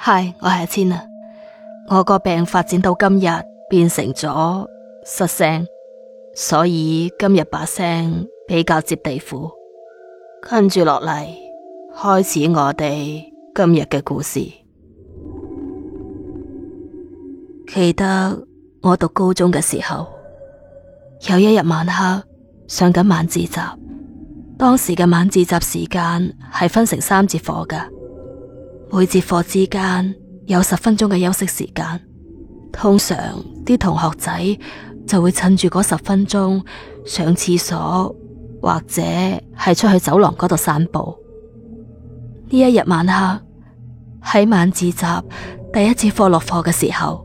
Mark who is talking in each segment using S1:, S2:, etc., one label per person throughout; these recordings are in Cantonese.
S1: 係，Hi, 我係阿千啊！我個病發展到今日，變成咗失聲，所以今日把聲比較接地府。跟住落嚟，開始我哋今日嘅故事。記得我讀高中嘅時候，有一日晚黑上緊晚自習，當時嘅晚自習時間係分成三節課噶。每節課之間有十分鐘嘅休息時間，通常啲同學仔就會趁住嗰十分鐘上廁所或者係出去走廊嗰度散步。呢一日晚黑喺晚自習第一節課落課嘅時候，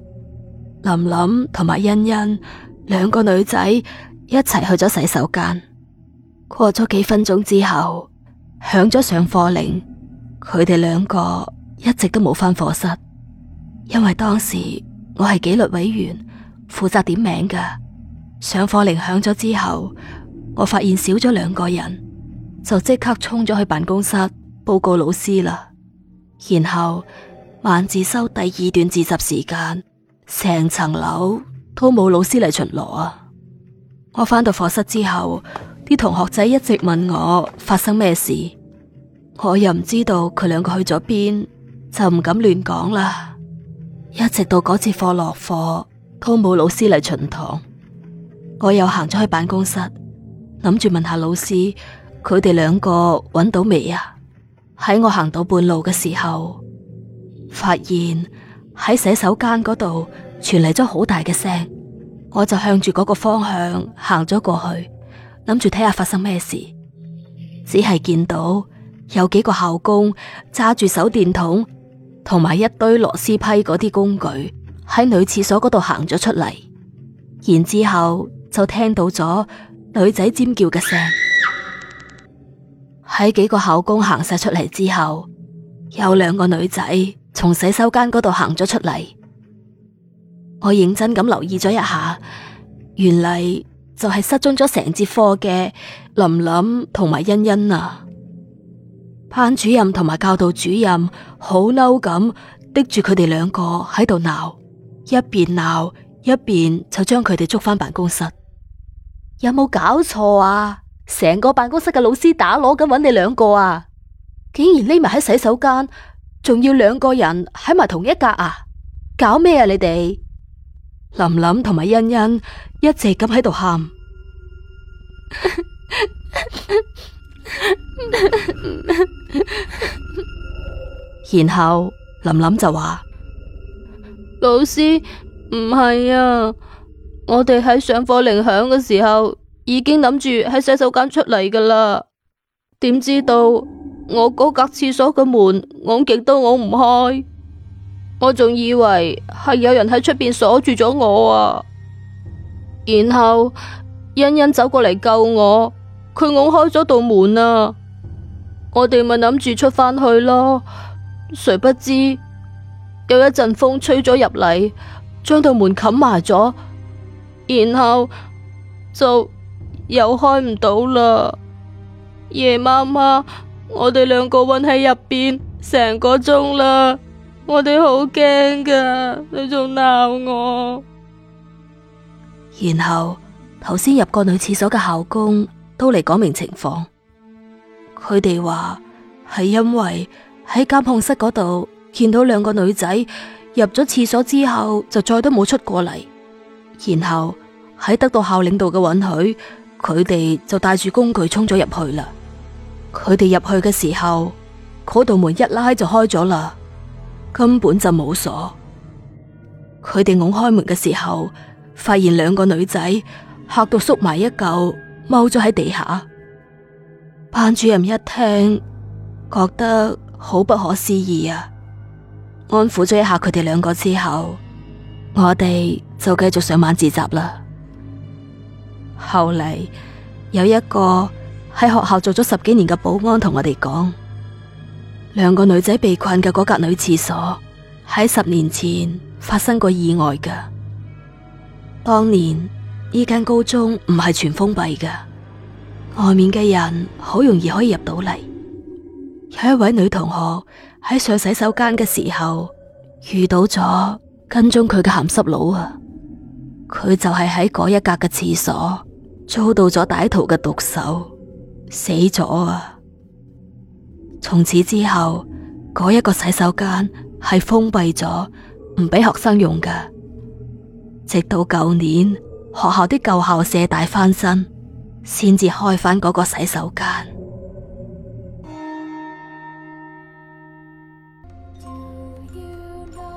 S1: 琳琳同埋欣欣兩個女仔一齊去咗洗手間。過咗幾分鐘之後，響咗上課鈴，佢哋兩個，一直都冇翻課室，因為當時我係紀律委員，負責點名噶。上課鈴響咗之後，我發現少咗兩個人，就即刻衝咗去辦公室報告老師啦。然後晚自修第二段自習時間，成層樓都冇老師嚟巡邏啊。我翻到課室之後，啲同學仔一直問我發生咩事，我又唔知道佢兩個去咗邊，就唔敢亂講啦。一直到嗰節課落課，都冇老師嚟巡堂。我又行咗去辦公室，諗住問下老師，佢哋兩個揾到未啊？喺我行到半路嘅時候，發現喺洗手間嗰度傳嚟咗好大嘅聲，我就向住嗰個方向行咗過去，諗住睇下發生咩事。只係見到有幾個校工揸住手電筒。同埋一堆螺絲批嗰啲工具喺女廁所嗰度行咗出嚟，然之後就聽到咗女仔尖叫嘅聲。喺幾個校工行晒出嚟之後，有兩個女仔從洗手間嗰度行咗出嚟。我認真咁留意咗一下，原嚟就係失蹤咗成節課嘅林林同埋欣欣啊！班主任同埋教導主任好嬲咁，盯住佢哋兩個喺度鬧，一邊鬧一邊就將佢哋捉返辦公室。有冇搞錯啊？成個辦公室嘅老師打鑼咁揾你兩個啊！竟然匿埋喺洗手間，仲要兩個人喺埋同一格啊！搞咩啊你哋？琳琳同埋欣欣一直咁喺度喊。 然後琳琳就話：老師唔係啊，我哋喺上課鈴響嘅時候已經諗住喺洗手間出嚟㗎喇。點知道我嗰格廁所嘅門拱極都拱唔開，我仲以為係有人喺出邊鎖住咗我啊。然後欣欣走過嚟救我，佢拱開咗道門啊，我哋咪諗住出返去咯。誰不知有一陣風吹咗入嚟，將道門冚埋咗，然後就又開唔到啦。夜媽媽，我哋兩個困喺入邊成個鐘啦，我哋好驚噶，你仲鬧我。然後頭先入過女廁所嘅校工都嚟講明情況，佢哋話係因為。喺監控室嗰度見到兩個女仔入咗廁所之後就再都冇出過嚟，然後喺得到校領導嘅允許，佢哋就帶住工具沖咗入去啦。佢哋入去嘅時候，嗰道門一拉就開咗啦，根本就冇鎖。佢哋拱開門嘅時候，發現兩個女仔嚇到縮埋一嚿，踎咗喺地下。班主任一聽，覺得。好不可思議啊！安撫咗一下佢哋兩個之後，我哋就繼續上晚自習啦。後嚟有一個喺學校做咗十幾年嘅保安同我哋講，兩個女仔被困嘅嗰格女廁所喺十年前發生過意外㗎。當年呢間高中唔係全封閉㗎，外面嘅人好容易可以入到嚟。有一位女同學喺上洗手間嘅時候遇到咗跟蹤佢嘅鹹濕佬啊！佢就係喺嗰一格嘅廁所遭到咗歹徒嘅毒手死咗啊！從此之後，嗰一個洗手間係封閉咗，唔俾學生用㗎。直到舊年學校啲舊校舍大翻新，先至開翻嗰個洗手間。